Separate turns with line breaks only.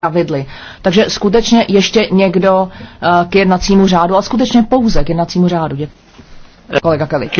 pravidly. Takže skutečně ještě někdo eh, k jednacímu řádu, a skutečně pouze k jednacímu řádu. Děkuji.
Kolega Kelly.